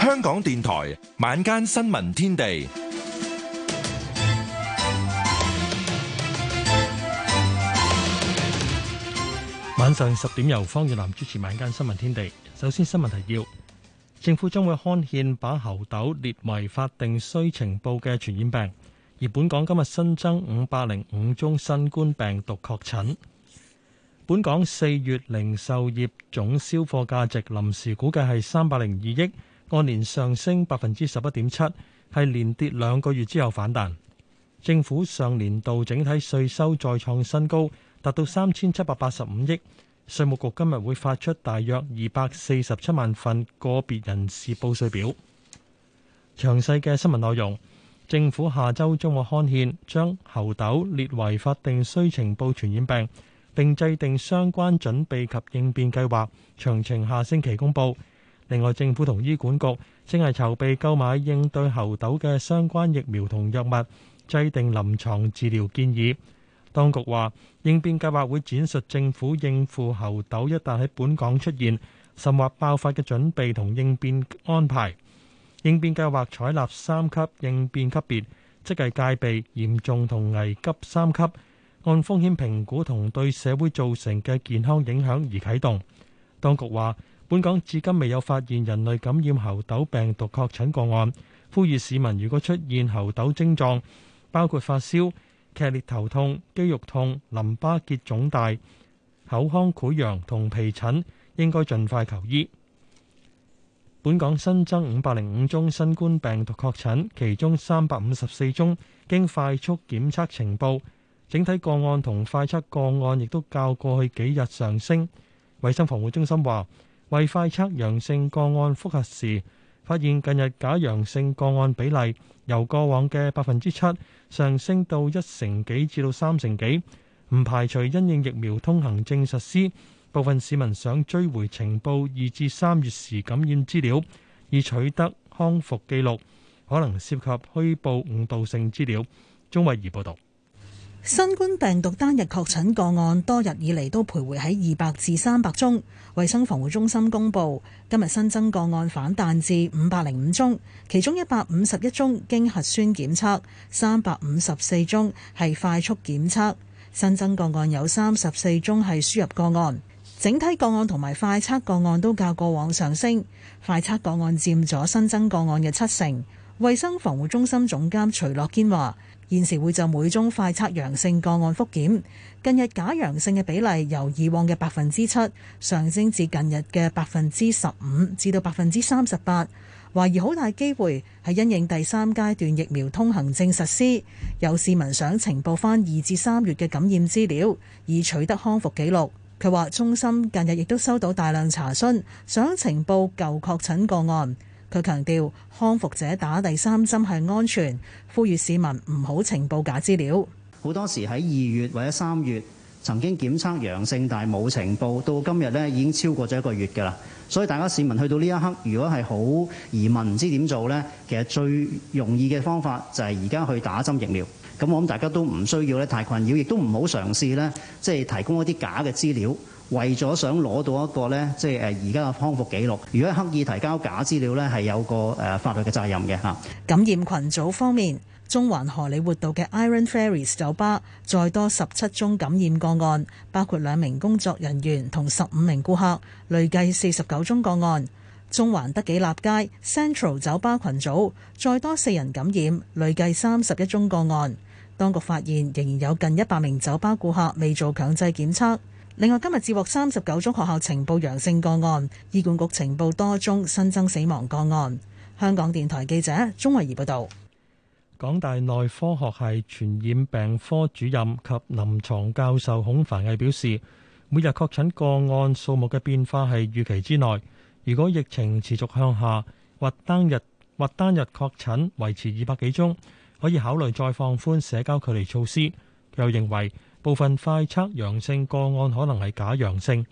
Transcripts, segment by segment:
香港電台晚間新聞天地，晚上十點由方月南主持晚間新聞天地。首先新聞提要。政府將會刊憲把猴痘列為法定需呈報嘅傳染病，而本港今日新增五百零五宗新冠病毒確診。本港四月零售業總銷貨價值臨時估計係三百零二億，按年上升百分之十一點七，係連跌兩個月之後反彈。政府上年度整體稅收再創新高，達到三千七百八十五億。稅務局今日會發出大約二百四十七萬份個別人士報稅表。詳細嘅新聞內容，政府下周將會刊憲將猴痘列為法定需呈報傳染病，並制定相關準備及應變計劃，詳情下星期公布。另外，政府同醫管局正係籌備購買應對猴痘嘅相關疫苗同藥物，制定臨床治療建議。當局話應變計劃會展述政府應付猴痘一旦喺本港出現甚或爆發嘅準備同應變安排。應變計劃採納三級應變級別，即係戒備、嚴重同危急三級，按風險評估同對社會造成嘅健康影響而啟動。當局話本港至今未有發現人類感染猴痘病毒確診個案，呼籲市民如果出現猴痘症狀，包括發燒、劇烈頭痛、肌肉痛、淋巴結腫大、口腔潰瘍同皮疹，應該盡快求醫。本港新增五百零五宗新冠病毒確診，其中三百五十四宗經快速檢測呈報。整體個案同快測個案亦都較過去幾日上升。衛生防護中心話，為快測陽性個案複核時，發現近日假陽性個案比例，由過往嘅百分之七上升到一成幾至到三成幾，唔排除因應疫苗通行證實施，部分市民想追回情報二至三月時感染資料，以取得康復記錄，可能涉及虛報誤導性資料。鍾偉儀報道。新冠病毒單日確診個案多日以嚟都徘徊喺二百至三百宗，衛生防護中心公布今日新增個案反彈至五百零五宗，其中一百五十一宗經核酸檢測，三百五十四宗係快速檢測，新增個案有三十四宗係輸入個案，整體個案同埋快測個案都較過往上升，快測個案佔咗新增個案嘅七成。衛生防護中心總監徐樂堅話。現時會就每宗快測陽性個案覆檢，近日假陽性嘅比例由以往嘅百分之七上升至近日嘅百分之十五至到百分之三十八，懷疑好大機會係因應第三階段疫苗通行證實施，有市民想呈報返二至三月嘅感染資料以取得康復記錄。佢話中心近日亦都收到大量查詢，想呈報舊確診個案。佢強調，康復者打第三針係安全，呼籲市民唔好呈報假資料。好多時喺二月或者三月曾經檢測陽性，但係冇呈報，到今日咧已經超過咗一個月㗎啦。所以大家市民去到呢一刻，如果係好疑問唔知點做咧，其實最容易嘅方法就係而家去打針疫苗。咁我諗大家都唔需要咧太困擾，亦都唔好嘗試咧即係提供一啲假嘅資料。為咗想攞到一個呢，即係誒而家嘅康復記錄。如果刻意提交假資料呢，係有個誒法律嘅責任嘅嚇。感染群組方面，中環荷里活道嘅 Iron Fairies 酒吧再多十七宗感染個案，包括兩名工作人員同十五名顧客，累計四十九宗個案。中環德己立街 Central 酒吧群組再多四人感染，累計三十一宗個案。當局發現仍然有近一百名酒吧顧客未做強制檢測。另外，今日接獲三十九宗學校情報陽性個案，醫管局情報多宗新增死亡個案。香港電台記者鍾慧儀報導。港大內科學系傳染病科主任及臨床教授孔凡毅表示，每日確診個案數目嘅變化係預期之內。如果疫情持續向下，或單日或單日確診維持二百幾宗，可以考慮再放寬社交距離措施。佢又認為，部分快測陽性個案可能係假陽性，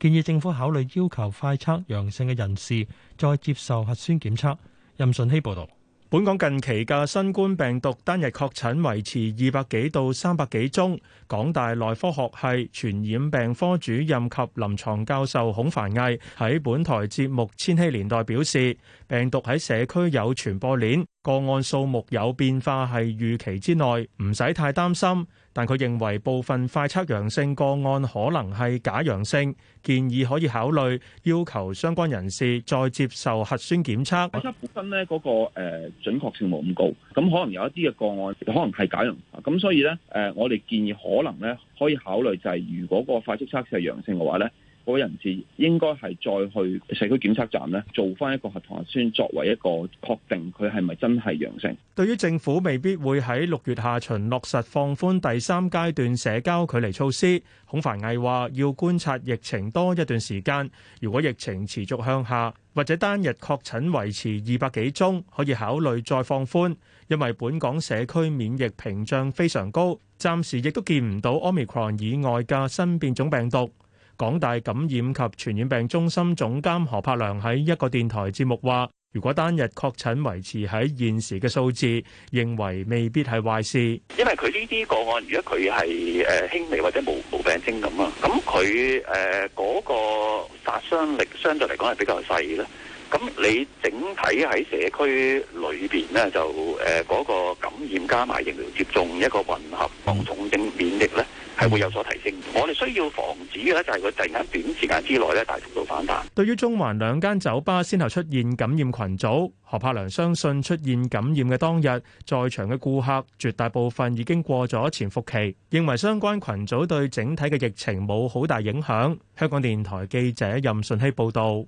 建議政府考慮要求快測陽性嘅人士再接受核酸檢測。任順希報導。本港近期嘅新冠病毒單日確診維持二百幾到三百幾宗。港大內科學系傳染病科主任及臨床教授孔繁毅喺本台節目《千禧年代》表示，病毒喺社區有傳播鏈。個案數目有變化係預期之內，唔使太擔心。但佢認為部分快測陽性個案可能係假陽性，建議可以考慮要求相關人士再接受核酸檢測。本身呢嗰個誒準確性冇咁高，咁可能有一啲嘅個案可能係假陽，咁所以呢，誒我哋建議可能呢可以考慮就係如果個快速測試係陽性嘅話呢。嗰人士應該係再去社區檢測站咧，做翻一個核糖核酸，作為一個確定佢係咪真係陽性。對於政府未必會喺六月下旬落實放寬第三階段社交距離措施，孔凡毅話：要觀察疫情多一段時間，如果疫情持續向下或者單日確診維持二百幾宗，可以考慮再放寬，因為本港社區免疫屏障非常高，暫時亦都見唔到 Omicron 以外嘅新變種病毒。港大感染及傳染病中心總監何柏良喺一個電台節目話，如果單日確診維持喺現時嘅數字，認為未必係壞事。因為，佢呢啲個案，如果佢係誒輕微，或者無無病徵咁啊，咁佢誒嗰個殺傷力相對嚟講，係比較細咧。咁你整體喺社區裏邊咧，就誒嗰個感染加埋疫苗接種一個混合防重症免疫咧，係會有所提升，我哋需要防止嘅咧就係佢突然間短時間之內咧大幅度反彈。對於中環兩間酒吧先後出現感染群組，何柏良相信出現感染嘅當日，在場嘅顧客絕大部分已經過咗潛伏期，認為相關群組對整體嘅疫情冇好大影響。香港電台記者任順希報道。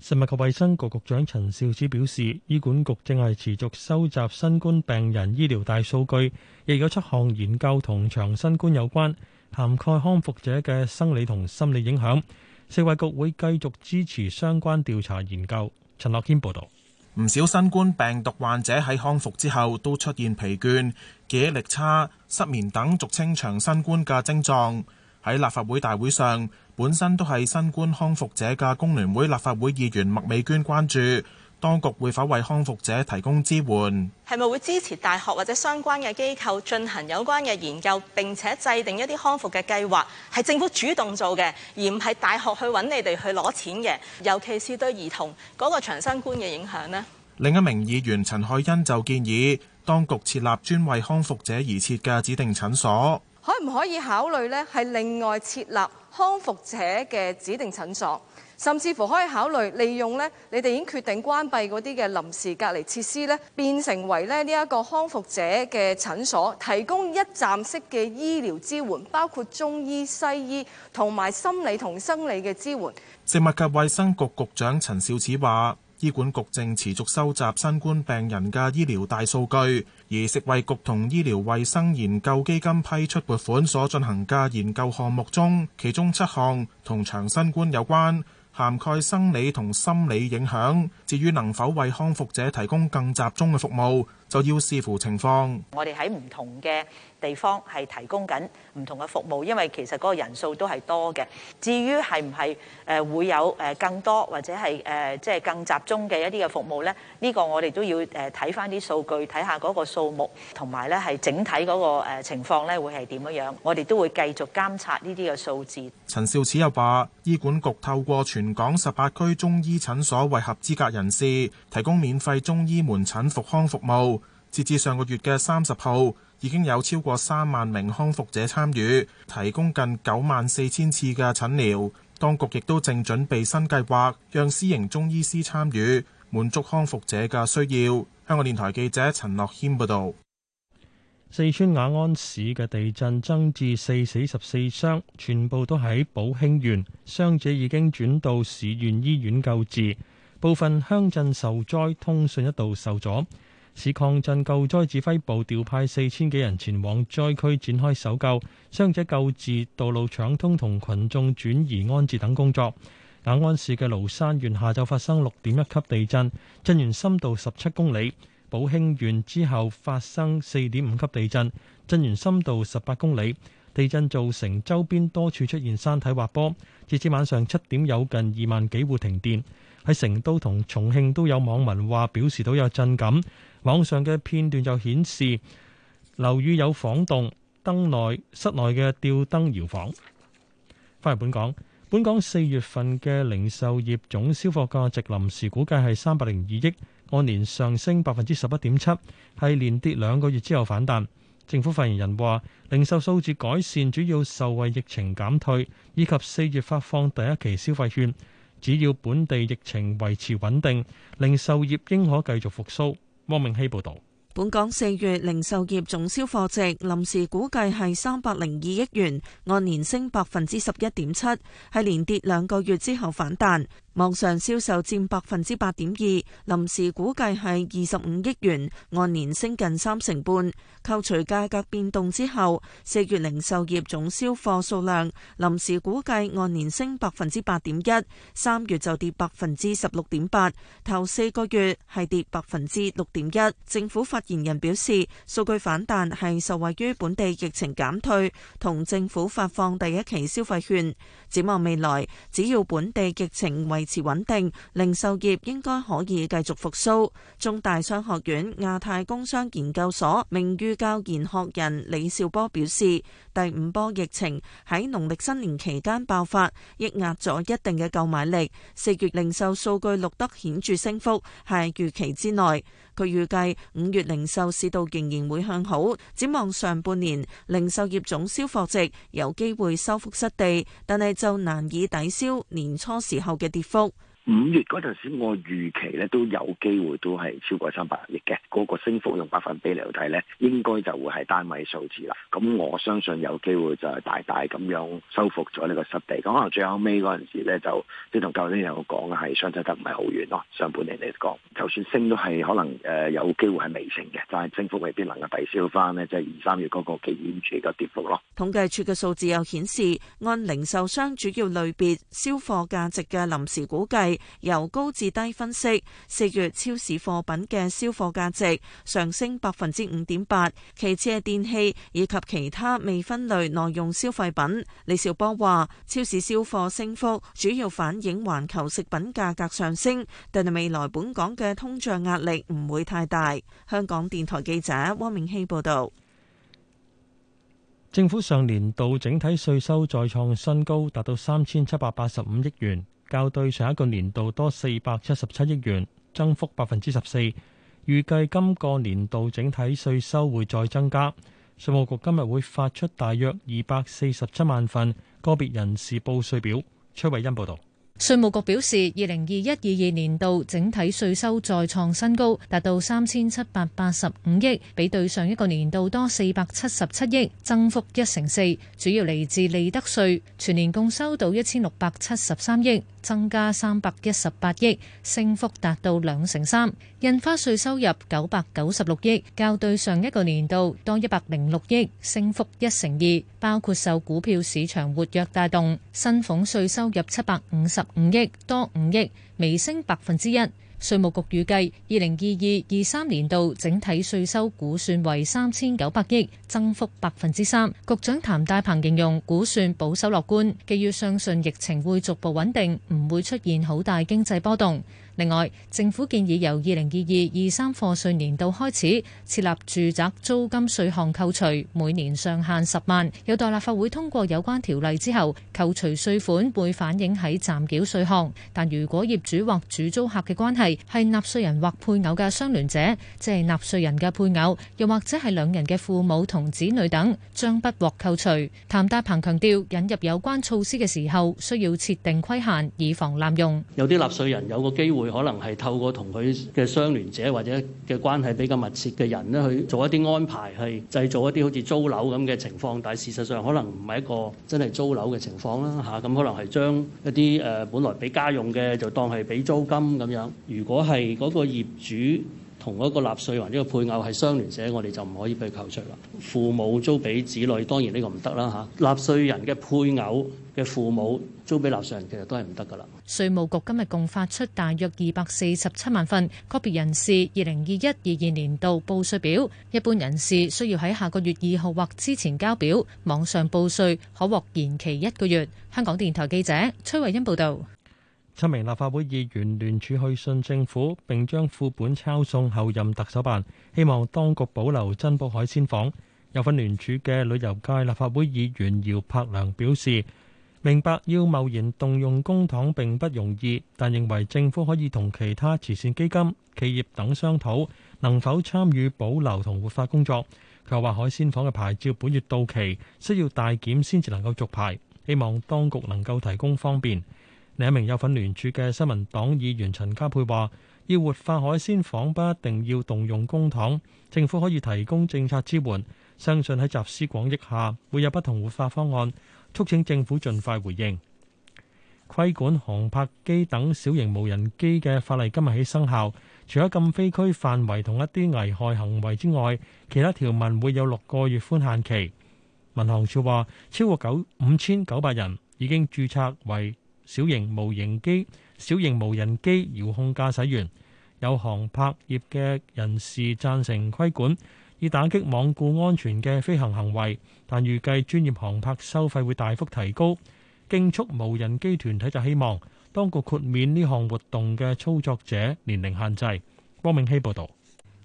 食物及衞生局局長陳肇始表示，醫管局正係持續收集新冠病人醫療大數據，亦有七項研究同長新冠有關，涵蓋康復者嘅生理同心理影響。食衞局會繼續支持相關調查研究。陳樂堅報導，唔少新冠病毒患者喺康復之後都出現疲倦、記憶力差、失眠等俗稱長新冠嘅症狀。喺立法會大會上，本身都係新冠康復者嘅工聯會立法會議員麥美娟關注，當局會否為康復者提供支援？係咪會支持大學或者相關嘅機構進行有關嘅研究，並且制定一啲康復嘅計劃，係政府主動做嘅，而唔係大學去揾你哋去攞錢嘅，尤其是對兒童嗰個長新冠嘅影響呢，另一名議員陳海欣就建議當局設立專為康復者而設嘅指定診所，可唔可以考慮咧？係另外設立，康復者嘅指定診所，甚至乎可以考慮利用咧，你哋已經決定關閉嗰啲嘅臨時隔離設施咧，變成為咧呢一個康復者嘅診所，提供一站式嘅醫療支援，包括中醫、西醫同埋心理同生理嘅支援。食物及衛生局局長陳肇始話，醫管局正持續收集新冠病人嘅醫療大數據。而食衛局同醫療衛生研究基金批出撥款，所進行嘅研究項目中，其中七項同長新冠有關，涵蓋生理同心理影響。至於能否為康復者提供更集中嘅服務？都要視乎情況。我哋喺唔同嘅地方係提供緊唔同嘅服務，因為其實嗰個人數都係多嘅。至於係唔係誒會有誒更多或者係誒即係更集中嘅一啲嘅服務咧？呢個我哋都要誒睇返啲數據，睇下嗰個數目同埋咧係整體嗰個誒情況咧會係點樣樣。我哋都會繼續監察呢啲嘅數字。陳肇始又話：醫管局透過全港十八區中醫診所為合資格人士提供免費中醫門診復康服務。截至上個月嘅三十號，已經有超過三萬名康復者參與，提供近九萬四千次嘅診療。當局亦都正準備新計劃，讓私營中醫師參與，滿足康復者嘅需要。香港電台記者陳樂軒報導。四川雅安市嘅地震增至四死十四傷，全部都喺寶興縣，傷者已經轉到市縣醫院救治。部分鄉鎮受災，通訊一度受阻。市抗震救災指揮部調派四千幾人前往災區展開搜救、傷者救治、道路搶通同群眾轉移安置等工作。雅安市嘅蘆山縣下晝發生六點一級地震，震源深度十七公里；寶興縣之後發生四點五級地震，震源深度十八公里。地震造成周邊多處出現山體滑坡。截至晚上七點有近二萬幾戶停電，喺成都同重慶都有網民話表示都有震感。網上嘅片段汪明希報道，本港四月零售業總銷貨值臨時估計係三百零二億元，按年升百分之十一點七，係連跌兩個月之後反彈。網上銷售佔百分之八點二，臨時估計係二十五億元，按年升近三成半。扣除價格變動之後，四月零售業總銷貨數量臨時估計按年升百分之八點一，三月就跌百分之十六點八，頭四個月係跌百分之六點一。政府發言人表示，數據反彈係受惠於本地疫情減退同政府發放第一期消費券，展望未來，只要本地疫情維維持穩定，零售業應該可以繼續復蘇。中大商學院亞太工商研究所名譽教研學人李兆波表示。第五波疫情喺農曆新年期間爆發，抑壓咗一定嘅購買力。四月零售數據錄得顯著升幅，係預期之內。佢預計五月零售市道仍然會向好，展望上半年零售業總銷貨值有機會收復失地，但係就難以抵消年初時候嘅跌幅。五月嗰陣時，我預期咧都有機會都係超過三百億嘅。嗰個升幅用百分比嚟睇咧，應該就會係單位數字啦。咁我相信有機會就係大大咁樣收復咗呢個失地。咁可能最後尾嗰陣時咧，就即係同舊年有講係相差得唔係好遠咯。上半年嚟講，就算升都係可能誒有機會係微升嘅，但係升幅未必能夠抵消翻呢。即係二三月嗰個幾點處嘅跌幅咯。統計處嘅數字又顯示，按零售商主要類別銷貨價值嘅臨時估計。由高至低分析，四月超市貨品嘅銷貨價值上升百分之五點八，其次係電器以及其他未分類耐用消費品。李兆波話，超市銷貨升幅主要反映環球食品價格上升，但係未來本港嘅通脹壓力唔會太大。香港電台記者汪明熙報道。政府上年度整體稅收再創新高，達到三千七百八十五億元。較對上一個年度多四百七十七億元，增幅百分之十四。預計今個年度整體稅收會再增加。稅務局今日會發出大約二百四十七萬份個別人士報稅表。崔慧欣報導。稅務局表示，二零二一二二年度整體稅收再創新高，達到三千七百八十五億，比對上一個年度多四百七十七億，增幅一成四。主要嚟自利得稅，全年共收到一千六百七十三億。增加三百一十八億，升幅達到兩成三。印花稅收入九百九十六億，較對上一個年度多一百零六億，升幅一成二。包括受股票市場活躍帶動，薪俸稅收入七百五十五億，多五億，微升百分之一。稅務局預計，二零二二、二三年度整體稅收估算為三千九百億，增幅百分之三。局長譚大鵬形容估算保守樂觀，基於相信疫情會逐步穩定，唔會出現好大經濟波動。另外，政府建議由二零二二二三課稅年度開始設立住宅租金稅項扣除，每年上限十萬。有待立法會通過有關條例之後，扣除稅款會反映喺暫繳稅項。但如果業主或主租客嘅關係係納稅人或配偶嘅相聯者，即係納稅人嘅配偶，又或者係兩人嘅父母同子女等，將不獲扣除。譚大鵬強調，引入有關措施嘅時候，需要設定規限，以防濫用。有啲納稅人有個機會。佢可能係透過同佢嘅相聯者或者嘅關係比較密切嘅人咧，去做一啲安排，去製造一啲好似租樓咁嘅情況，但係事實上可能唔係一個真係租樓嘅情況啦，嚇、啊、咁可能係將一啲誒、呃、本來俾家用嘅就當係俾租金咁樣。如果係嗰個業主。同一個納稅人呢個配偶係相聯者，我哋就唔可以被扣除啦。父母租俾子女，當然呢個唔得啦嚇。納稅人嘅配偶嘅父母租俾納稅人，其實都係唔得㗎啦。稅務局今日共發出大約二百四十七萬份個別人士二零二一、二二年度報稅表，一般人士需要喺下個月二號或之前交表，網上報稅可獲延期一個月。香港電台記者崔慧欣報道。七名立法會議員聯署去信政府，並將副本抄送候任特首辦，希望當局保留珍寶海鮮舫。有份聯署嘅旅遊界立法會議員姚柏良表示，明白要貿然動用公帑並不容易，但認為政府可以同其他慈善基金、企業等商討能否參與保留同活化工作。佢話：海鮮舫嘅牌照本月到期，需要大檢先至能夠續牌，希望當局能夠提供方便。另一名有份聯署嘅新民黨議員陳家珮話：要活化海鮮舫，不一定要動用公帑，政府可以提供政策支援。相信喺集思廣益下，會有不同活化方案，促請政府盡快回應。規管航拍機等小型無人機嘅法例今日起生效，除咗禁飛區範圍同一啲危害行為之外，其他條文會有六個月寬限期。民航處話，超過九五千九百人已經註冊為。小型無人機、小型無人機遙控駕駛員，有航拍業嘅人士贊成規管，以打擊罔顧安全嘅飛行行為，但預計專業航拍收費會大幅提高。競速無人機團體就希望當局豁免呢項活動嘅操作者年齡限制。汪明希報導。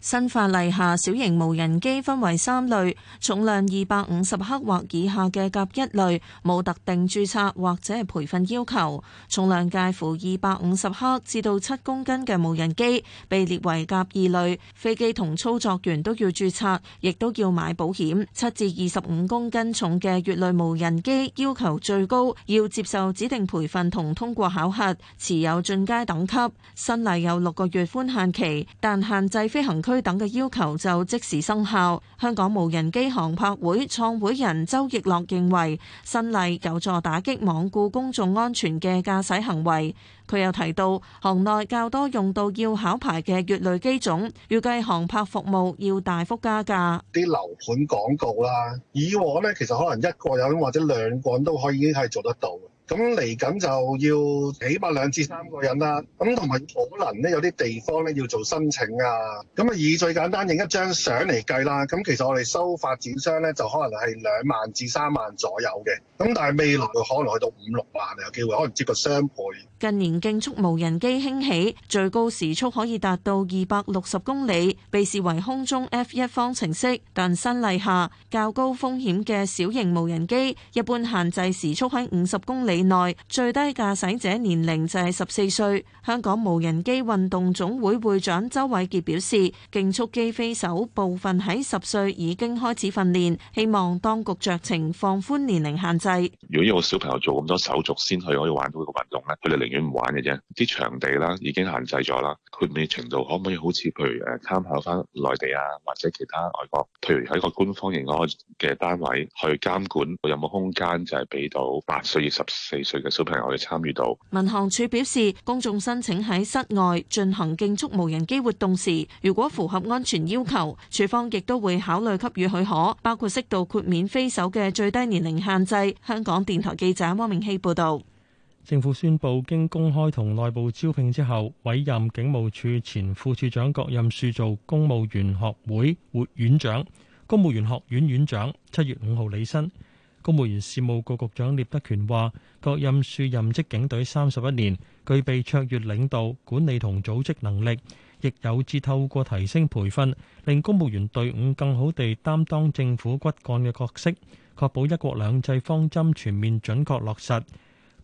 新法例下，小型無人機分為三類：重量二百五十克或以下嘅甲一類，冇特定註冊或者係培訓要求；重量介乎二百五十克至到七公斤嘅無人機被列為甲二類，飛機同操作員都要註冊，亦都要買保險；七至二十五公斤重嘅乙類無人機要求最高，要接受指定培訓同通過考核，持有進階等級。新例有六個月寬限期，但限制飛行。區等嘅要求就即時生效。香港無人機航拍會創會人周奕樂認為，新例有助打擊罔顧公眾安全嘅駕駛行為。佢又提到，行內較多用到要考牌嘅乙類機種，預計航拍服務要大幅加價。啲樓盤廣告啦，啊，以往咧其實可能一個人或者兩個人都可以已經係做得到。咁嚟緊就要起碼兩至三個人啦，咁同埋可能咧有啲地方咧要做申請啊，咁啊以最簡單影一張相嚟計啦，咁其實我哋收發展商咧就可能係兩萬至三萬左右嘅，咁但係未來可能去到五六萬，有機會可能接個雙倍。近年競速無人機興起，最高時速可以達到二百六十公里，被視為空中 F1 方程式。但新例下較高風險嘅小型無人機，一般限制時速喺五十公里內，最低駕駛者年齡就係十四歲。香港無人機運動總會會長周偉傑表示，競速機飛手部分喺十歲已經開始訓練，希望當局酌情放寬年齡限制。如果有小朋友做咁多手續先去可以玩到呢個運動唔玩嘅啫，啲場地啦已經限制咗啦。豁免程度可唔可以好似譬如誒參考翻內地啊，或者其他外國，譬如喺個官方型嘅單位去監管，有冇空間就係俾到八歲至十四歲嘅小朋友去參與到？民航處表示，公眾申請喺室外進行競速無人機活動時，如果符合安全要求，處方亦都會考慮給予許可，包括適度豁免飛手嘅最低年齡限制。香港電台記者汪明熙報道。政府宣布，經公開同內部招聘之後，委任警務處前副處長郭任樹做公務員學院院長。公務員學院院長七月五號履新。公務員事務局局長聶德權話，郭任樹任職警隊三十一年，具備卓越領導、管理同組織能力，亦有志透過提升培訓，令公務員隊伍更好地擔當政府骨幹嘅角色，確保一國兩制方針全面準確落實。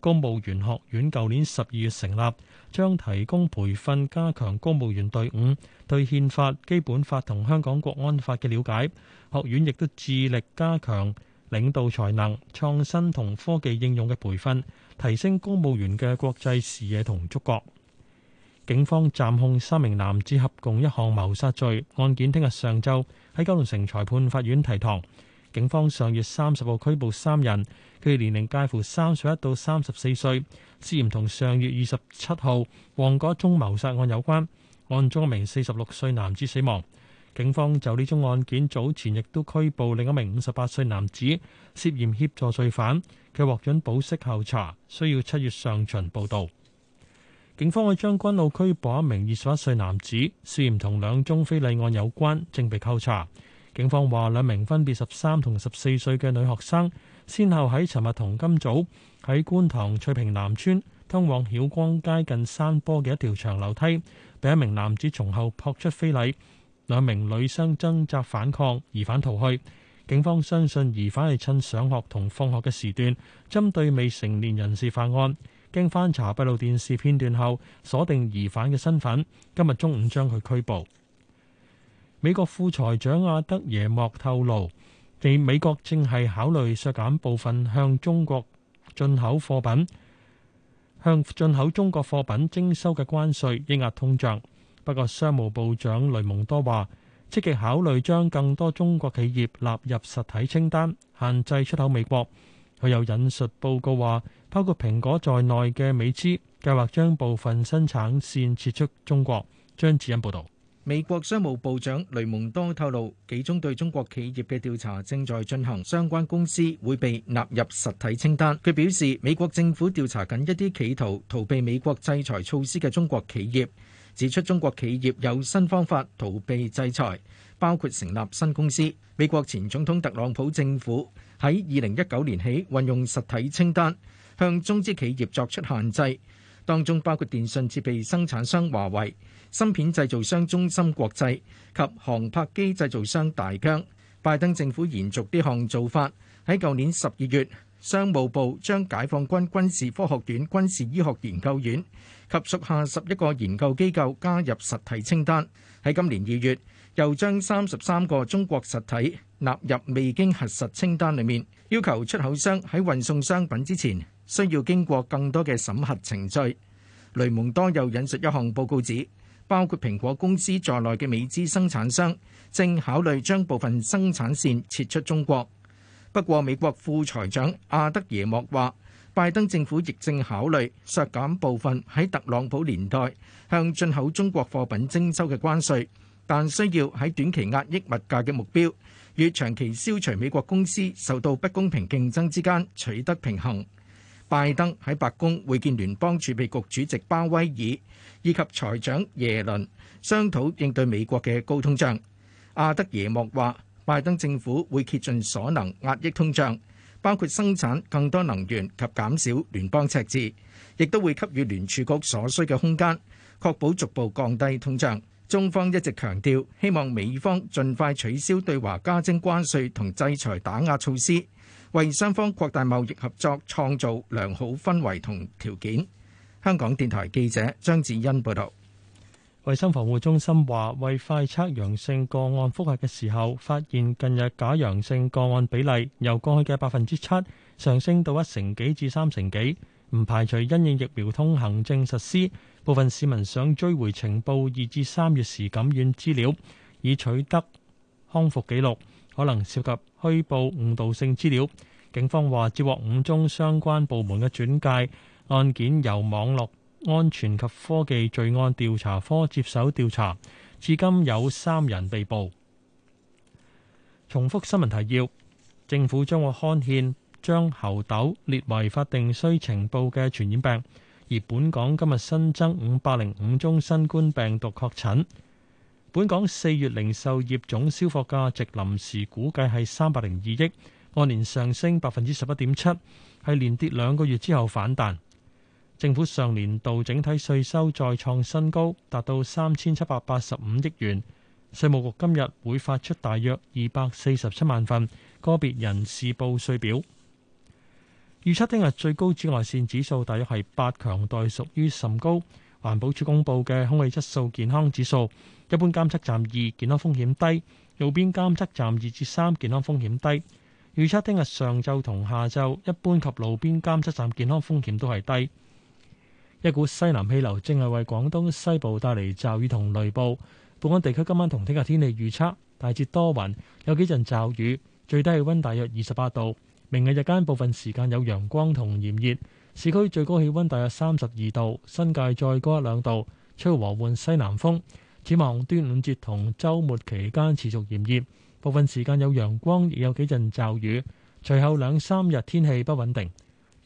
公務員學院舊年十二月成立，將提供培訓加強公務員隊伍對憲法、基本法同香港國安法嘅了解。學院亦都致力加強領導才能、創新同科技應用嘅培訓，提升公務員嘅國際視野同觸覺。警方暫控三名男子合共一項謀殺罪案件，聽日上晝喺九龍城裁判法院提堂。警方上月三十號拘捕三人。佢年齡介乎三十一到三十四歲，涉嫌同上月二十七號旺角一宗謀殺案有關，案中一名四十六歲男子死亡。警方就呢宗案件早前亦都拘捕另一名五十八歲男子，涉嫌協助罪犯。佢獲准保釋候查，需要七月上旬報道。警方喺將軍澳拘捕一名二十一歲男子，涉嫌同兩宗非禮案有關，正被扣查。警方話兩名分別十三同十四歲嘅女學生，先後喺尋日同今早喺觀塘翠屏南村通往曉光街近山坡嘅一條長樓梯，被一名男子從後撲出非禮，兩名女生掙扎反抗，疑犯逃去。警方相信疑犯係趁上學同放學嘅時段，針對未成年人士犯案。經翻查閉路電視片段後，鎖定疑犯嘅身份。今日中午將佢拘捕。美國副財長阿德耶莫透露。美國正係考慮削減部分向中國進口貨品，向進口中國貨品徵收嘅關稅抑壓美國商務部長雷蒙多透露，幾宗對中國企業嘅調查正在進行，相關公司會被納入實體清單。佢表示，美國政府調查緊一啲企圖逃避美國制裁措施嘅中國企業，指出中國企業有新方法逃避制裁，包括成立新公司。美國前總統特朗普政府喺二零一九年起運用實體清單，向中資企業作出限制，當中包括電信設備生產商華為、芯片製造商中芯國際及航拍機製造商大疆，拜登政府延續呢項做法。喺舊年十二月，商務部將解放軍軍事科學院、軍事醫學研究院及屬下十一個研究機構加入實體清單。喺今年二月，又將三十三個中國實體納入未經核實清單裡面，要求出口商喺運送商品之前需要經過更多嘅審核程序。雷蒙多又引述一項報告指，包括蘋果公司在內嘅美資生產商正考慮將部分生產線撤出中國。不過，美國副財長阿德耶莫話，拜登政府亦正考慮削減部分喺特朗普年代向進口中國貨品徵收嘅關稅，但需要喺短期壓抑物價嘅目標與長期消除美國公司受到不公平競爭之間取得平衡。拜登喺白宮會見聯邦儲備局主席鮑威爾。以及財長耶倫商討應對美國嘅高通脹。阿德耶莫話：拜登政府會竭盡所能壓抑通脹，包括生產更多能源及減少聯邦赤字，亦都會給予聯儲局所需嘅空間，確保逐步降低通脹。中方一直強調，希望美方盡快取消對華加徵關稅同制裁打壓措施，為雙方擴大貿易合作創造良好氛圍同條件。香港電台記者張志欣報道，衛生防護中心話，為快測陽性個案覆核嘅時候，發現近日假陽性個案比例由過去嘅百分之七上升到一成幾至三成幾，唔排除因應疫苗通行證實施，部分市民想追回情報二至三月時感染資料，以取得康復記錄，可能涉及虛報誤導性資料。警方話，接獲五宗相關部門嘅轉介。案件由網絡安全及科技罪案調查科接手調查，至今有三人被捕。重複新聞提要：政府將會刊憲將猴痘列為法定需呈報嘅傳染病。而本港今日新增五百零五宗新冠病毒確診。本港四月零售業總銷貨價值臨時估計係三百零二億，按年上升百分之十一點七，係連跌兩個月之後反彈。政府上年度整體稅收再創新高，達到三千七百八十五億元。稅務局今日會發出大約二百四十七萬份個別人士報稅表。預測聽日最高紫外線指數大約係八，強度屬於甚高。環保署公布嘅空氣質素健康指數，一般監測站二，健康風險低；路邊監測站二至三，3，健康風險低。預測聽日上晝同下晝，一般及路邊監測站健康風險都係低。一股西南氣流正係為廣東西部帶嚟驟雨同雷暴。本港地區今晚同聽日天氣預測，大致多雲，有幾陣驟雨，最低氣溫大約二十八度。明日日間部分時間有陽光同炎熱，市區最高氣溫大約三十二度，新界再高一兩度，吹和緩西南風，展望端午節同周末期間持續炎熱，部分時間有陽光亦有幾陣驟雨，隨後兩三日天氣不穩定。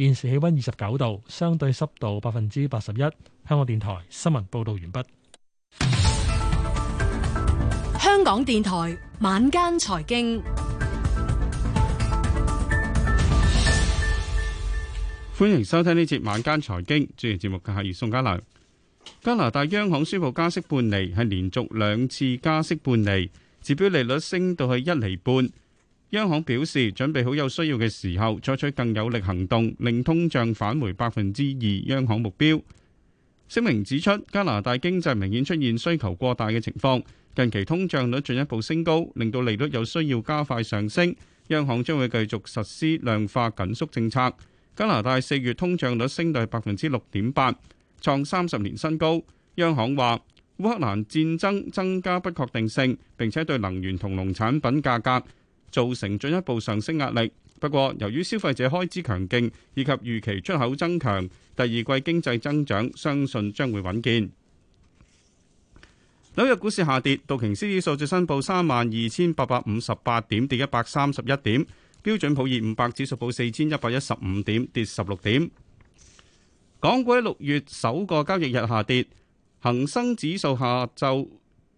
現時氣溫二十九度，相對濕度百分之八十一。香港電台新聞報道完畢。香港電台晚間財經，歡迎收聽呢節晚間財經。主持節目嘅係宋家良。加拿大央行宣布加息半厘，係連續兩次加息半厘，指標利率升到去一厘半。央行表示，準備好有需要嘅時候採取更有力行動，令通脹返回百分之二央行目標。聲明指出，加拿大經濟明顯出現需求過大嘅情況，近期通脹率進一步升高，令到利率有需要加快上升。央行將會繼續實施量化緊縮政策。加拿大四月通脹率升到百分之六點八，創三十年新高。央行話，烏克蘭戰爭增加不確定性，並且對能源同農產品價格。造成進一步上升壓力。不過，由於消費者開支強勁，以及預期出口增強，第二季經濟增長相信將會穩健。紐約股市下跌，道瓊斯指數最新報三萬二千八百五十八點，跌一百三十一點；標準普爾五百指數報四千一百一十五點，跌十六點。港股喺六月首個交易日下跌，恒生指數下晝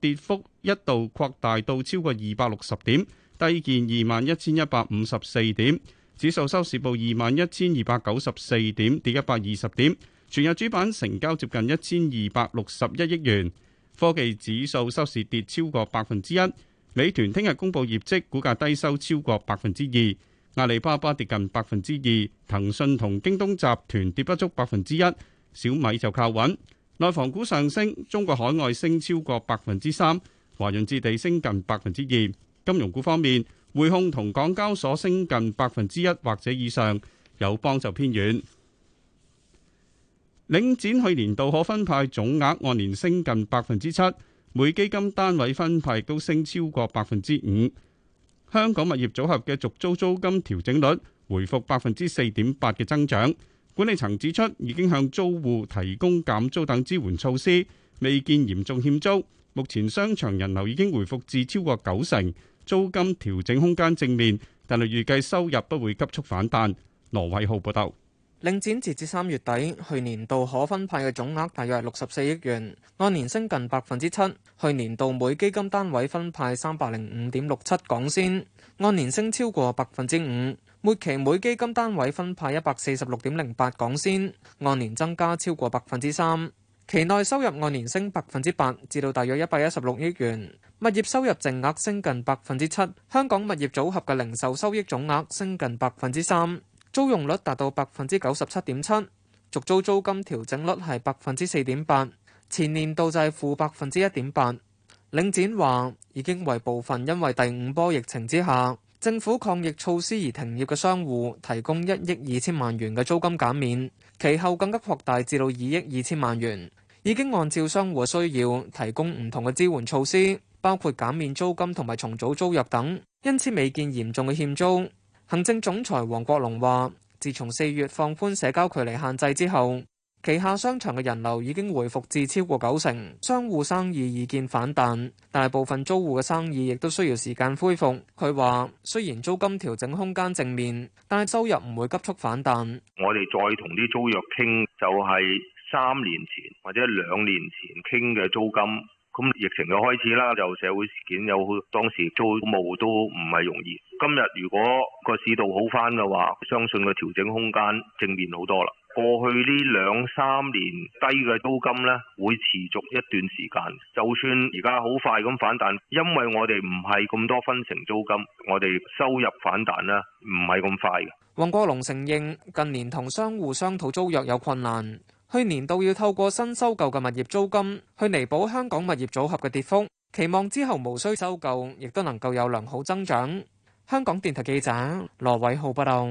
跌幅一度擴大到超過二百六十點。低見二萬一千一百五十四點，指數收市報二萬一千二百九十四點，跌一百二十點。全日主板成交接近一千二百六十一億元。科技指數收市跌超過百分之一。美團聽日公布業績，股價低收超過百分之二。阿里巴巴跌近百分之二，騰訊同京東集團跌不足百分之一，小米就靠穩。內房股上升，中國海外升超過百分之三，華潤置地升近百分之二。金融股方面，匯控同港交所升近百分之一或者以上，友邦就偏軟。領展去年度可分派總額按年升近百分之七，每基金單位分派都升超過百分之五。香港物業組合嘅續租租金調整率回復百分之四點八嘅增長。管理層指出，已經向租戶提供減租等支援措施，未見嚴重欠租。目前商場人流已經回復至超過九成。租金調整空間正面，但係預計收入不會急速反彈，羅偉浩報道，領展截至三月底去年度可分派嘅總額大約係六十四億元，按年升近百分之七。去年度每基金單位分派三百零五點六七港仙，按年升超過百分之五。末期每基金單位分派一百四十六點零八港仙，按年增加超過百分之三。期內收入按年升百分之八，至到大約一百一十六億元。物業收入淨額升近百分之七。香港物業組合嘅零售收益總額升近百分之三。租用率達到百分之九十七點七，續租租金調整率係百分之四點八，前年度就係負百分之一點八。領展話已經為部分因為第五波疫情之下政府抗疫措施而停業嘅商戶提供一億二千萬元嘅租金減免，其後更加擴大至到二億二千萬元。已經按照商戶需要提供唔同嘅支援措施，包括減免租金同埋重組租約等，因此未見嚴重嘅欠租。行政總裁黃國龍話：自從四月放寬社交距離限制之後，旗下商場嘅人流已經回復至超過九成，商戶生意已見反彈。但係部分租戶嘅生意亦都需要時間恢復。佢話：雖然租金調整空間正面，但係收入唔會急速反彈。我哋再同啲租約傾就係、是。三年前或者兩年前傾嘅租金，咁疫情就開始啦，就社會事件有當時租務都唔係容易。今日如果個市道好翻嘅話，相信個調整空間正面好多啦。過去呢兩三年低嘅租金咧，會持續一段時間，就算而家好快咁反彈，因為我哋唔係咁多分成租金，我哋收入反彈咧唔係咁快嘅。王國龍承認近年同商戶商討租約有困難。去年度要透過新收購嘅物業租金去彌補香港物業組合嘅跌幅，期望之後無需收購，亦都能夠有良好增長。香港電台記者羅偉浩報道。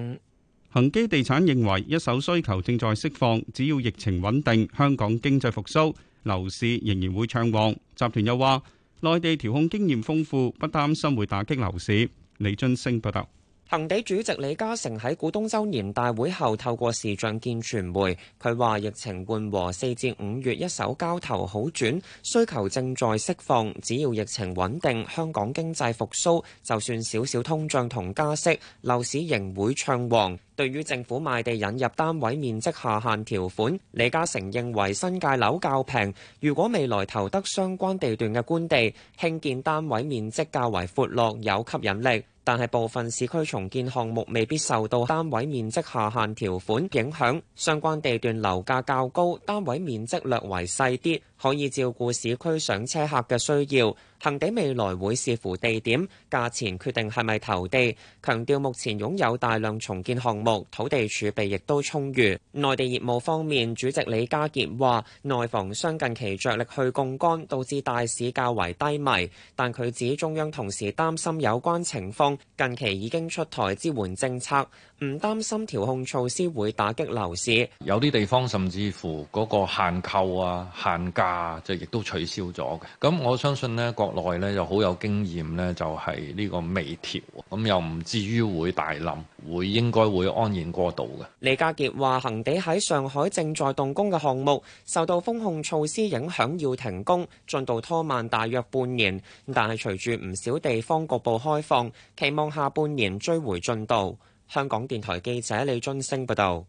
恆基地產認為一手需求正在釋放，只要疫情穩定，香港經濟復甦，樓市仍然會暢旺。集團又話內地調控經驗豐富，不擔心會打擊樓市。李津升報道。恒地主席李家誠喺股東周年大會後透過視像見傳媒，佢話疫情緩和，四至五月一手交投好轉，需求正在釋放，只要疫情穩定，香港經濟復甦，就算少少通脹同加息，樓市仍會暢旺。對於政府賣地引入單位面積下限條款，李嘉誠認為新界樓較平，如果未來投得相關地段嘅官地，興建單位面積較為闊落，有吸引力。但係部分市區重建項目未必受到單位面積下限條款影響，相關地段樓價較高，單位面積略為細啲。可以照顧市區上車客嘅需要，恆地未來會視乎地點、價錢決定係咪投地。強調目前擁有大量重建項目，土地儲備亦都充裕。內地業務方面，主席李家傑話：內房商近期着力去槓桿，導致大市較為低迷。但佢指中央同時擔心有關情況，近期已經出台支援政策，唔擔心調控措施會打擊樓市。有啲地方甚至乎嗰個限購啊、限價。即係亦都取消咗嘅，咁我相信咧，國內咧，就好有經驗咧，就係呢個微調，咁又唔至於會大冧，會應該會安然過渡嘅。李家傑話恒地喺上海正在動工嘅項目受到封控措施影響，要停工，進度拖慢大約半年。但係隨住唔少地方局部開放，期望下半年追回進度。香港電台記者李津星報道。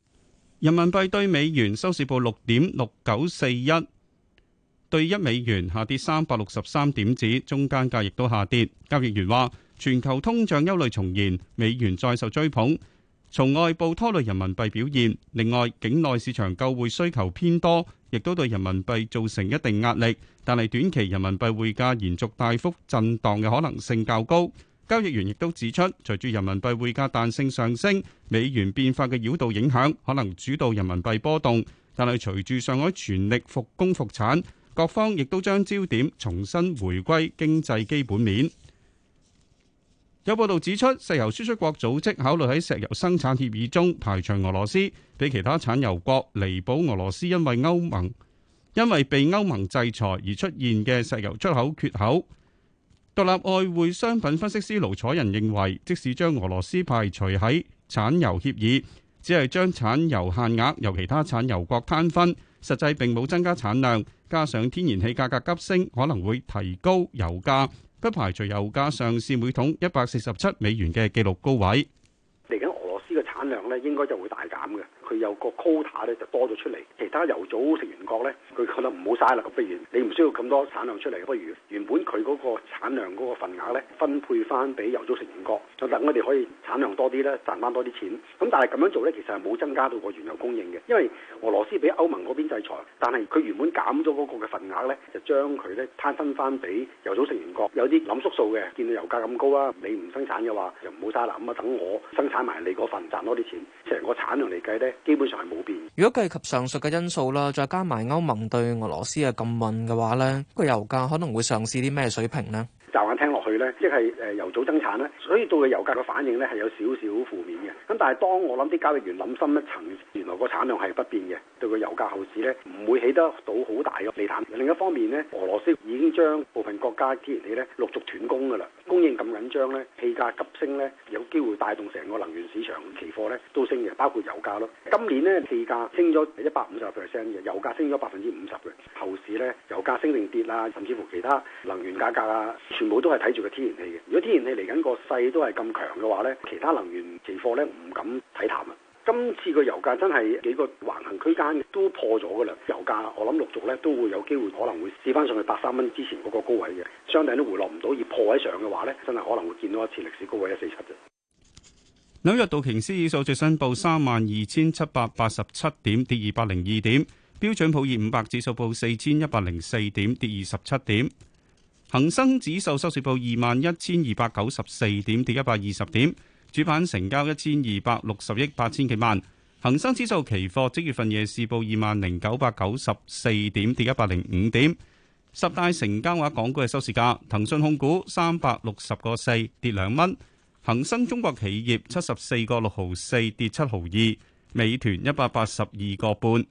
人民幣兌美元收市報六點六九四一。對一美元下跌三百六十三點子，中間價亦都下跌。交易員話：全球通脹憂慮重現，美元再受追捧，從外部拖累人民幣表現。另外，境內市場購匯需求偏多，亦都對人民幣造成一定壓力。但係短期人民幣匯價延續大幅震盪嘅可能性較高。交易員亦都指出，隨住人民幣匯價彈性上升，美元變化嘅擾度影響可能主導人民幣波動。但係隨住上海全力復工復產。各方亦都將焦點重新回歸經濟基本面。有報道指出，石油輸出國組織考慮喺石油生產協議中排除俄羅斯，俾其他產油國彌補俄羅斯因為歐盟因為被歐盟制裁而出現嘅石油出口缺口。獨立外匯商品分析師盧楚仁認為，即使將俄羅斯排除喺產油協議，只係將產油限額由其他產油國攤分，實際並冇增加產量。加上天然氣價格急升，可能會提高油價，不排除油價上試每桶一百四十七美元嘅紀錄高位。嚟緊俄羅斯嘅產量咧，應該就會大減嘅，佢有個 quota 咧就多咗出嚟，其他油組成員國呢？佢覺得唔好嘥啦，不如你唔需要咁多產量出嚟，不如原本佢嗰個產量嗰個份額咧分配翻俾油組成員國，就等我哋可以產量多啲呢，賺翻多啲錢。咁但係咁樣做呢，其實係冇增加到個原油供應嘅，因為俄羅斯俾歐盟嗰邊制裁，但係佢原本減咗嗰個嘅份額呢，就將佢呢攤分翻俾油組成員國。有啲諗縮數嘅，見到油價咁高啊，你唔生產嘅話又唔好嘥啦，咁啊等我生產埋你嗰份賺多啲錢。成個產量嚟計呢，基本上係冇變。如果計及上述嘅因素啦，再加埋歐盟，對俄羅斯嘅禁運嘅話咧，個油價可能會上市啲咩水平咧？驟眼聽落去咧，即係誒油組增產咧，所以到個油價嘅反應咧係有少少負面嘅。咁但係當我諗啲交易員諗深一層，原來個產量係不變嘅，對個油價後市呢唔會起得到好大嘅利淡。另一方面呢，俄羅斯已經將部分國家天然氣呢陸續斷供㗎啦，供應咁緊張呢，氣價急升呢，有機會帶動成個能源市場期貨呢都升嘅，包括油價咯。今年呢，氣價升咗一百五十 percent 嘅，油價升咗百分之五十嘅，後市呢，油價升定跌啦，甚至乎其他能源價格啊，全部都係睇住個天然氣嘅。如果天然氣嚟緊個勢都係咁強嘅話呢，其他能源期貨呢。唔敢睇淡啊！今次個油價真係幾個橫行區間都破咗噶啦，油價我諗陸續咧都會有機會可能會試翻上去八三蚊之前嗰個高位嘅，相對都回落唔到而破位上嘅話咧，真係可能會見到一次歷史高位一四七啫。紐約道瓊斯指數最新報三萬二千七百八十七點，跌二百零二點；標準普爾五百指數報四千一百零四點，跌二十七點；恒生指數收市報二萬一千二百九十四點，跌一百二十點。主板成交一千二百六十億八千幾萬，恒生指數期貨即月份夜市報二萬零九百九十四點，跌一百零五點。十大成交話港股嘅收市價，騰訊控股三百六十個四，跌兩蚊；恒生中國企業七十四個六毫四，跌七毫二；美團一百八十二個半，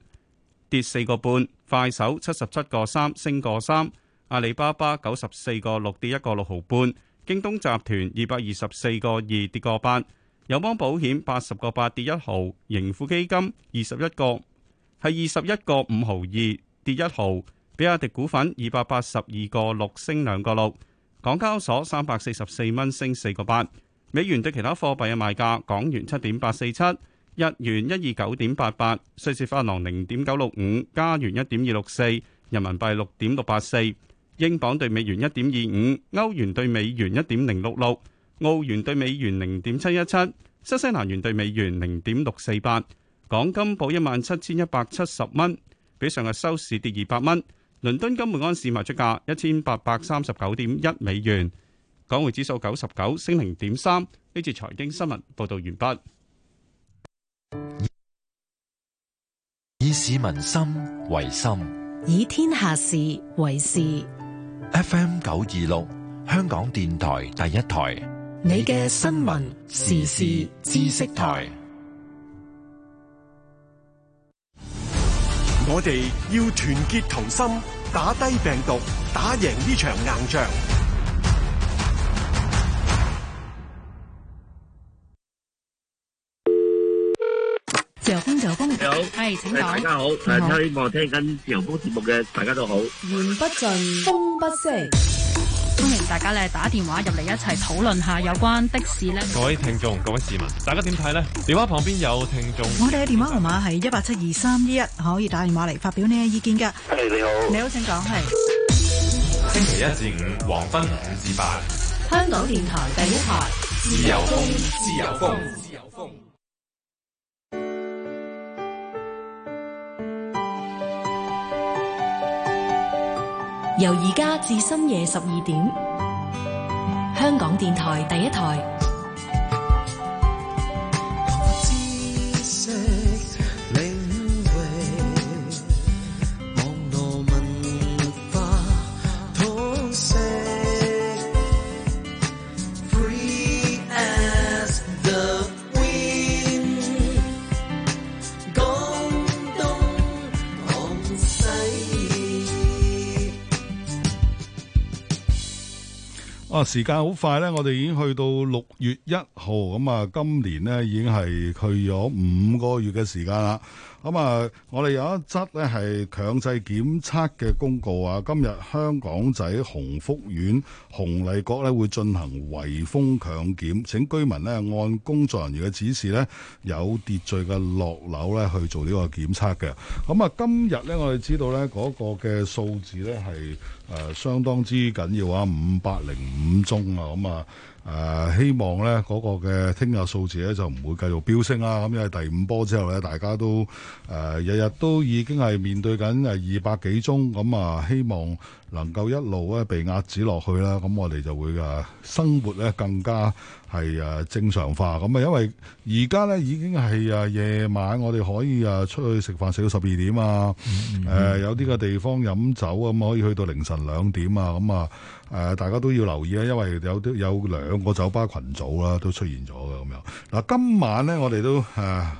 跌四個半；快手七十七個三，升個三；阿里巴巴九十四個六，跌一個六毫半。京東集團二百二十四個二，跌個八，友邦保險八十個八，跌一毫，盈富基金二十一個係二十一個五毫二，跌一毫，比亞迪股份二百八十二個六，升兩個六，港交所三百四十四蚊，升四個八，美元對其他貨幣嘅賣價：港元七點八四七，日元一二九點八八，瑞士法郎零點九六五，加元一點二六四，人民幣六點六八四。英鎊兌美元一點二五，歐元兌美元一點零六六，澳元兌美元零點七一七，新西蘭元兌美元零點六四八。港金報一萬七千一百七十蚊，比上日收市跌二百蚊。倫敦金每安士賣出價一千八百三十九點一美元。港匯指數九十九升零點三。呢次財經新聞報道完畢。以市民心為心，以天下事為事。FM 九二六，香港電台第一台，你嘅新聞時事知識台。我哋要團結同心，打低病毒，打贏呢場硬仗。自由風就風，係好，hey，請講。大家好，我希望聽緊自由風節目嘅大家都好。言不盡，風不息。歡迎大家咧打電話入嚟一齊討論下有關的士呢。各位聽眾，各位市民，大家點睇呢？電話旁邊有聽眾。我哋嘅電話號碼係一八七二三一一，可以打電話嚟發表你嘅意見㗎。Hello，你好，你好，請講。係星期一至五黃昏五至八，香港電台第一台，自由風，自由風。由而家至深夜十二點，香港電台第一台。時間好快呢，我哋已經去到六月一號，咁啊，今年呢，已經係去咗五個月嘅時間啦。咁、嗯、啊，我哋有一則呢係強制檢測嘅公告啊，今日香港仔紅福苑、紅荔閣呢會進行圍封強檢，請居民呢按工作人員嘅指示呢，有秩序嘅落樓呢去做呢個檢測嘅。咁、嗯、啊，今日呢，我哋知道呢嗰個嘅數字呢係。誒、啊、相當之緊要啊，五百零五宗啊，咁啊誒希望咧嗰、那個嘅聽日數字咧就唔會繼續飆升啦。咁、啊、因為第五波之後咧，大家都誒日日都已經係面對緊誒二百幾宗，咁啊希望。能夠一路咧被壓止落去啦，咁我哋就會誒生活咧更加係誒正常化。咁啊，因為而家咧已經係誒夜晚，我哋可以誒出去食飯食到十二點啊，誒、嗯嗯呃、有啲嘅地方飲酒啊，咁可以去到凌晨兩點啊。咁啊誒，大家都要留意啊，因為有都有兩個酒吧群組啦，都出現咗嘅咁樣。嗱，今晚咧我哋都誒直、呃啊、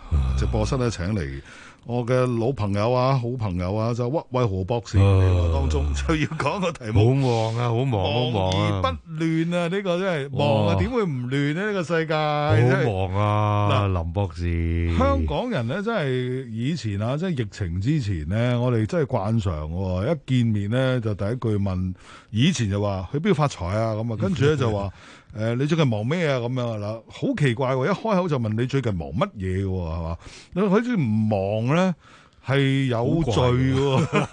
播室咧請嚟。我嘅老朋友啊，好朋友啊，就屈威何博士嚟我、啊、當中，就要講個題目。好忙啊，好忙，好忙而不亂啊！呢、這個真係、哦、忙啊，點會唔亂呢？呢、這個世界好忙啊！嗱是，林博士，香港人咧，真係以前啊，即係疫情之前咧，我哋真係慣常嘅，一見面咧就第一句問，以前就話去邊度發財啊？咁啊，跟住咧就話。誒、呃，你最近忙咩啊？咁樣嗱，好奇怪喎！一開口就問你最近忙乜嘢喎？係嘛？你好似唔忙咧，係有罪喎！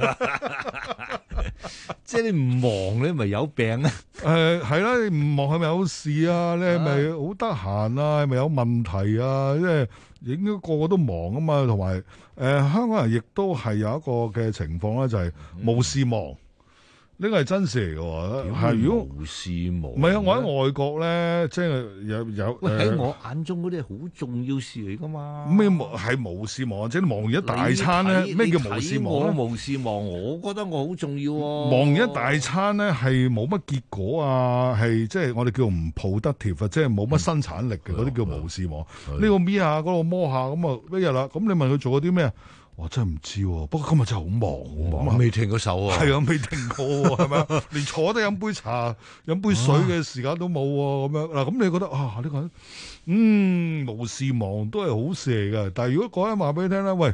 即係你唔忙你咪有病咧？誒、呃，係啦、啊，你唔忙係咪有事啊？你係咪好得閒啊？係咪、啊、有問題啊？即係應該個個都忙啊嘛，同埋誒香港人亦都係有一個嘅情況咧，就係、是、冇事忙。嗯呢個係真事嚟嘅喎，係無事忙。唔係啊，我喺外國咧，即係有有喺、呃、我眼中嗰啲係好重要事嚟噶嘛。咩冇係無事忙，即係忙一大餐咧？咩看叫無事忙？無事忙，我覺得我好重要喎、啊。忙一大餐咧係冇乜結果啊，係即係我哋叫唔抱得條，即係冇乜生產力嘅嗰啲叫無事忙。呢個咪下嗰、嗰個摸下咁啊，咩嘢啦。咁你問佢做過啲咩啊？我真係唔知喎，不過今日真係好忙喎，未、嗯、停過手啊，係啊，未停過喎、啊，係咪？ 連坐低飲杯茶、飲杯水嘅時間都冇喎、啊，咁樣嗱，咁、啊、你覺得啊？呢個嗯無事忙都係好事嚟㗎，但係如果講一話俾你聽咧，喂。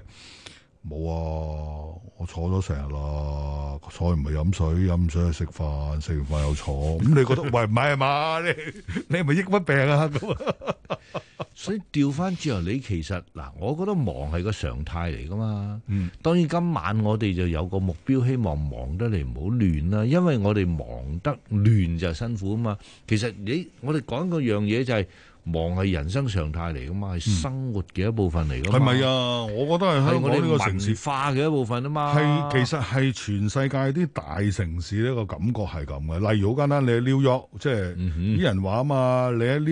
冇啊！我坐咗成日啦，坐完咪飲水，飲水去食飯，食完飯又坐。咁 你覺得喂唔係啊嘛？你你係咪抑鬱病啊？咁 所以調翻轉頭，你其實嗱，我覺得忙係個常態嚟㗎嘛。嗯，當然今晚我哋就有個目標，希望忙得嚟唔好亂啦。因為我哋忙得亂就辛苦啊嘛。其實你我哋講嗰樣嘢就係、是。忙係人生常態嚟噶嘛，係生活嘅一部分嚟噶嘛。係咪啊？我覺得係香港呢個城市化嘅一部分啊嘛。係，其實係全世界啲大城市呢個感覺係咁嘅。例如好簡單，你喺紐約，即係啲、嗯、哼人話啊嘛，你喺紐。